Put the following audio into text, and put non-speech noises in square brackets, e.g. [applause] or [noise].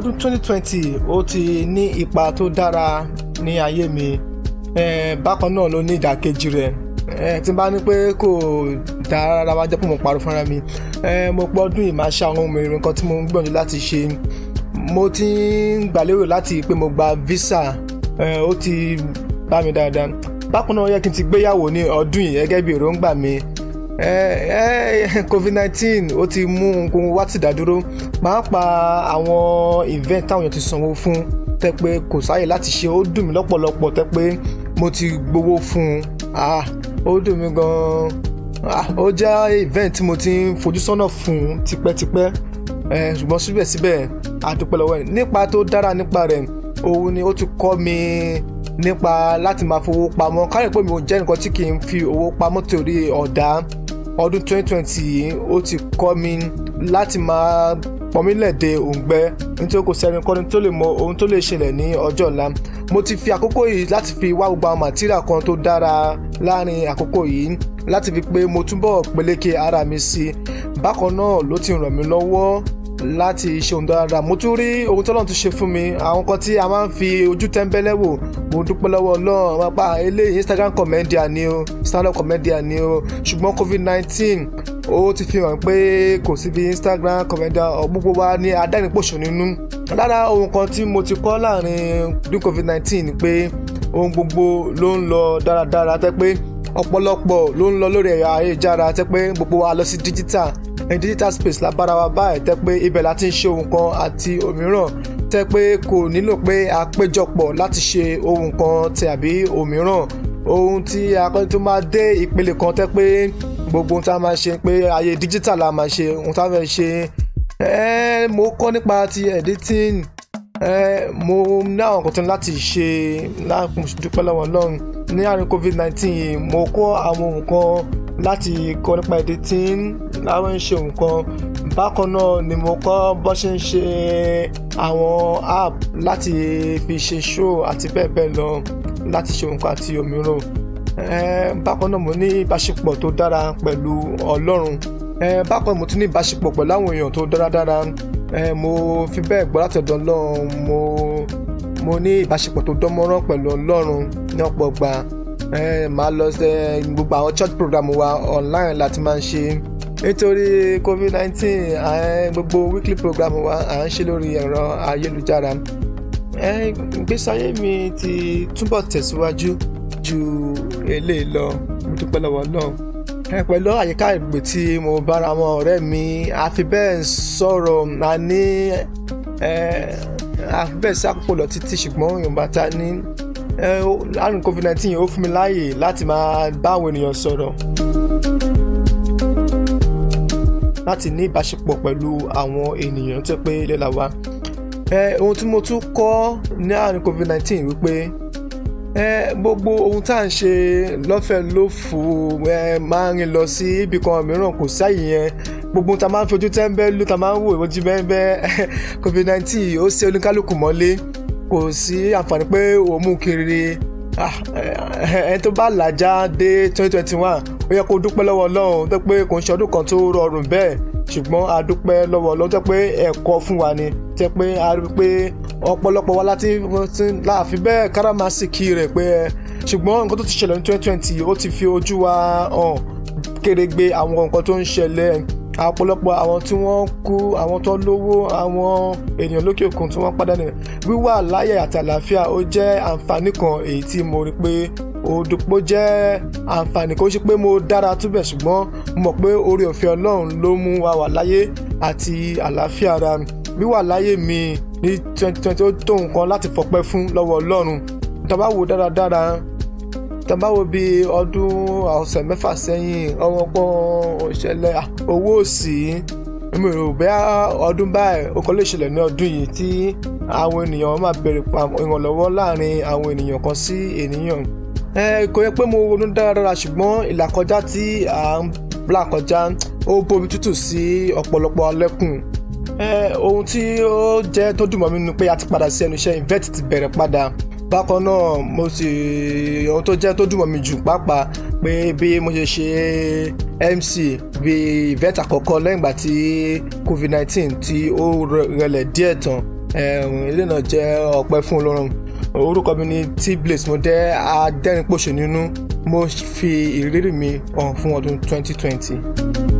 ọdún 2020 ó ti ní ipa tó dára ní ayé mi bákan náà ló ní ìdàkejì rẹ̀ tí n bá ní pé kò dára rárá wá jẹ́ pé mo parọ́ fúnra mi mo pọ́ ọdún ohun mèremère kan tí mo ń gbìyànjú láti ṣe mo ti ń gbàlérò láti pé mo gba visa ó ti bá mi dáadáa bákan náà ó yẹ kí n ti gbéyàwó ní ọdún yìí gẹ́gẹ́ bí èròǹgbà mi covid nineteen, ó ti mú nǹkan wá tìdádúró pàápàá àwọn event táwọn èèyàn ti sanwó fún tẹ pé kò sáyè láti ṣe ó dùn mí lọ́pọ̀lọpọ̀ tẹ pé mo ti gbowó fún ah ó dùn mí gan-an ah ó jẹ́ event tí mo ti ń fojú sọ́nà fún tipẹ́tipẹ́ ṣùgbọ́n síbẹ̀síbẹ̀ àdúpẹ́ lọ́wọ́ ẹ̀ nípa tó dára nípa rẹ̀ òun ni ó ti kọ́ mi nípa láti máa fowó pamọ́ káyọ̀ pé mi ò jẹ́ nǹkan tí kì í fi owó pamọ́ torí ọ̀dà ọdún 2020 yìí ó ti kọ́ mi láti máa pọ̀nmílẹ̀dẹ òǹgbẹ nítorí kò sẹ́ni kọ́ni tó lè mọ ohun tó lè ṣẹlẹ̀ ní ọjọ́ ọ̀la mo ti fi àkókò yìí láti fi wá gbogbo àwọn màtíríà kan tó dára láàrin àkókò yìí láti fi pé mo túbọ̀ peléke ara mi sí i bákan náà ló ti ràn mí lọ́wọ́ láti ṣe ohun dáadáa mo tún rí ohun tọ́lọ́run tún ṣe fún mi àwọn kan tí a máa ń fi ojú tẹ́ńbẹ́lẹ́ wò mo dúpẹ́ lọ́wọ́ ọlọ́run wọn eléyìí instagram comedian ni o stand-up comedian ni o ṣùgbọ́n covid nineteen ó ti fi hàn pé kò sí bí instagram comedian gbogbo wa ní adẹ́rìnpòṣù nínú lára ohun kan tí mo ti kọ́ láàrin during covid nineteen ni pé ohun gbogbo ló ń lọ dáradára tẹ́ pé ọ̀pọ̀lọpọ̀ ló ń lọ lórí ẹ̀yà ayélujára tẹ́ pé gbogbo wa lọ sí digital ní digital space lábára wa báyìí tẹ́ pé ibẹ̀ la ti ń ṣe ohun kan àti òmíràn tẹ́ pé kò nílò pé a péjọpọ̀ láti ṣe ohun kan tàbí òmíràn ohun tí akọ́ni tó máa dé ìpele kan tẹ́ pé gbogbo ohun tá a máa ṣe pé ayé digital la máa ṣe ohun tá a fẹ́ ṣe ẹ́ẹ́ mo kọ́ nípa ti editing ẹ́ẹ́ mo ní àwọn nǹkan tó ní láti ṣe láàpọ̀ dúpẹ́ lọ́wọ́ Ọlọ́run ní àárín covid-19 mo kọ́ àwọn nǹkan láti kọ́ nípa èdè tí láwọn ń ṣe nǹkan bákan náà ni mo kọ́ bó ṣe ń ṣe àwọn app láti fi ṣe show àti bẹ́ẹ̀ bẹ́ẹ̀ lọ láti ṣe nǹkan àti òmíràn bákan náà mo ní ìbáṣepọ̀ tó dára pẹ̀lú Ọlọ́run bákan mo tún ní ìbáṣepọ̀ pẹ̀lú àwọn èèyàn tó dáradára mo fi bẹ́ẹ̀ gbọ́ látọ̀dọ̀ Ọlọ́run mo mo ní ìbáṣepọ̀ tó dánmọ́rán pẹ̀lú Ọlọ́run ní ọ̀pọ̀ gbà Eh, màá lọ eh, gbogbo àwọn church program wa online láti máa ń ṣe nítorí covid nineteen eh, gbogbo weekly program wa à ń ṣe lórí ẹ̀rọ ayélujára ìgbésí ayé mi ti túbọ̀ tẹ̀síwájú ju eléyìí lọ mo dúpẹ́ lọ́wọ́ náà pẹ̀lú àyíká ìgbè tí mo bára wọn ọ̀rẹ́ mi àfi bẹ́ẹ̀ sọ̀rọ̀ a ní àfi bẹ́ẹ̀ sí àkókò lọ títí ṣùgbọ́n Yorùbá ta ní àrùn covid nineteen ó fún mi láàyè láti máa bá àwọn ènìyàn sọ̀rọ̀ láti ní ìbáṣepọ̀ pẹ̀lú àwọn ènìyàn tó pé ilé la wà ohun tí mo tún kọ́ ní àrùn covid nineteen wípé gbogbo ohun tá à ń ṣe lọ́fẹ̀ẹ́ ló fò máa ń rìn lọ sí ibì kan mìíràn kò sáyè yẹn gbogbo tá a máa ń fojú tẹ́ńbẹ́lú tá a máa ń wò ìwọ́jú bẹ́ẹ̀ bẹ́ẹ̀ [laughs] covid nineteen ó ṣe oníkálukú mọ́lé kò sí àǹfààní pé o mú kiri ah, ẹni tó bá làjá dé twenty twenty one ó yẹ kó dúpẹ́ lọ́wọ́ ọlọ́run tó pé kò ń ṣe ọdún kan tó rọrùn bẹ́ẹ̀ ṣùgbọ́n a dúpẹ́ lọ́wọ́ ọlọ́run tó pé ẹ̀kọ́ fún wa ni tẹ́ pé a rí pé ọ̀pọ̀lọpọ̀ wa láti láàfin bẹ́ẹ̀ káràmásìkì rẹ̀ pé ṣùgbọ́n nǹkan tó ti ṣẹlẹ̀ ní twenty ó ti fi ojú wa hàn kérégbé àwọn nǹkan tó ń ṣẹlẹ̀ ọ̀pọ̀lọpọ̀ àwọn tí wọ́n kú àwọn tó lówó àwọn ènìyàn lókè òkun tí wọ́n pàdánù wíwà láyé àti àlàáfíà ó jẹ́ àǹfààní kan èyí tí mo rí pé òdòpó jẹ́ àǹfààní kó ṣe pé mo dára túbẹ̀ ṣùgbọ́n mo mọ̀ pé oore ọ̀fẹ́ ọlọ́run ló mú wa wà láyé àti àlàáfíà ara wíwà láyé mi ní twenty twenty ó tó nǹkan láti fọpẹ́ fún lọ́wọ́ ọlọ́run tá a bá wò dáradára tẹ́ bá wo bí ọdún ọ̀sẹ̀ mẹ́fà sẹ́yìn ọwọ́n pọ́n ìṣẹ̀lẹ̀ owó òṣì mi ò rò bẹ́ẹ̀ ọdún báyìí ó kọ́ lè ṣẹlẹ̀ ní ọdún yìí tí àwọn ènìyàn máa bẹ̀rẹ̀ pa ìrànlọ́wọ́ láàrin àwọn ènìyàn kan sí ènìyàn ẹ kò yẹ pé mo ronú dáradára ṣùgbọ́n ìlàkọjá tí à ń là kọjá ó bomi tútù sí ọ̀pọ̀lọpọ̀ alẹ́kùn ohun tí ó jẹ́ tó dùn mọ́ mi ni pé a ti padà sí ẹnu iṣẹ́ invest ti bẹ̀rẹ̀ padà bákan náà mo sì ohun tó jẹ́ tó dùn mọ́ mi jù pàápàá pé bí mo ṣe ṣe MC bí vet àkọ́kọ́ lẹ́yìn ìgbà tí COVID-19 tí ó rẹlẹ̀ díẹ̀ tán ilé náà jẹ́ ọpẹ́ fún Ọlọ́run orúkọ mi ni T-Blaze mo jẹ́ adẹ́rìnpòṣónú mo fi ìrírí mi hàn fún ọdún 2020.